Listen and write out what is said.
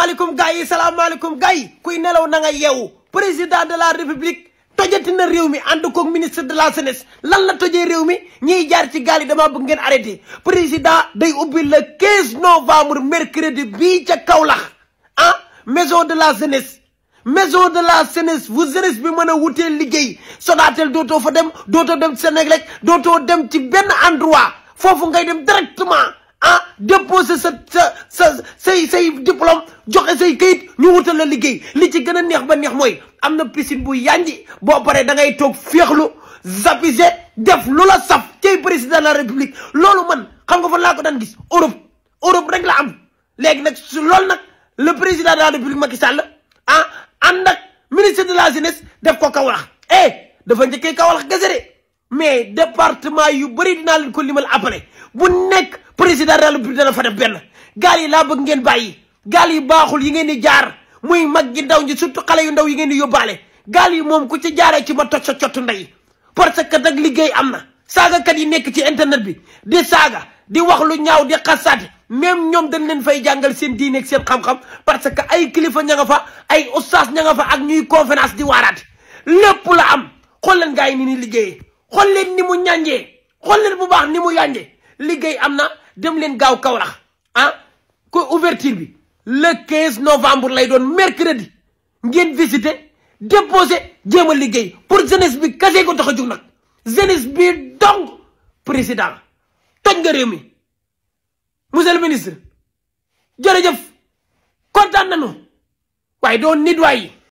salaamaaleykum gars yi salaamaaleykum gars yi kuy nelaw na nga yeewu président de la république tojati na réew mi ànd koog ministre de la jeunesse lan la tojee réew mi ñiy jaar ci gaal yi damaa bëgg ngeen arrêté président day ubbi le 15 novembre mercredi bi ca Kaolack ah maison de la jeunesse. maison de la jeunesse vous jeunesse bi mën a wutee liggéey Sonatel dootoo fa dem dootoo dem Senelec dootoo dem ci benn endroit foofu ngay dem directement ah déposer sa sa sa say say diplôme joxe say kayit ñu wutal la liggéey li ci gën a neex ba neex mooy am na piscine bu yànji boo paree da ngay toog féexlu zapise def lu la saf cay président de la république loolu man xam nga fan laa ko daan gis Europe Europe rek la am léegi nag su loolu nag le président de la république Macky Sall ah ànd ak ministre de la jeunesse def ko Kaolack eh dafa njëkkee Kaolack gese de mais département yu bëri dinaa leen ko ma appelé bu nekk président de la république dana fa def benn yi laa bëgg ngeen bàyyi gaal yi baaxul yi ngeen di jaar muy mag gi ndaw ñi surtout xale yu ndaw yi ngeen di yóbbaale gaal yi moom ku ci jaaree ci ma toj sa cottu ndey parce que nag liggéey am na saagakat yi nekk ci internet bi di di wax lu ñaaw di xasaati même ñoom dañ leen fay jàngal seen diine seen xam parce que ay kilifa ña nga fa ay ustaas ña nga fa ak ñuy conférence di waaraati lépp la am xool leen gars yi ni ni liggéeyee xool leen ni mu ñànjee xool leen bu baax ni mu yànjee liggéey am na dem leen gaaw kawrax ah ko ouverture bi le 15 novembre lay doon mercredi ngeen visiter déposer jéem a liggéey pour jeunesse bi kase ko tax a jug nag jeunesse bi donc président toj nga réew mi monsieur le ministre jërëjëf kontaan nañu waaye doon nit waay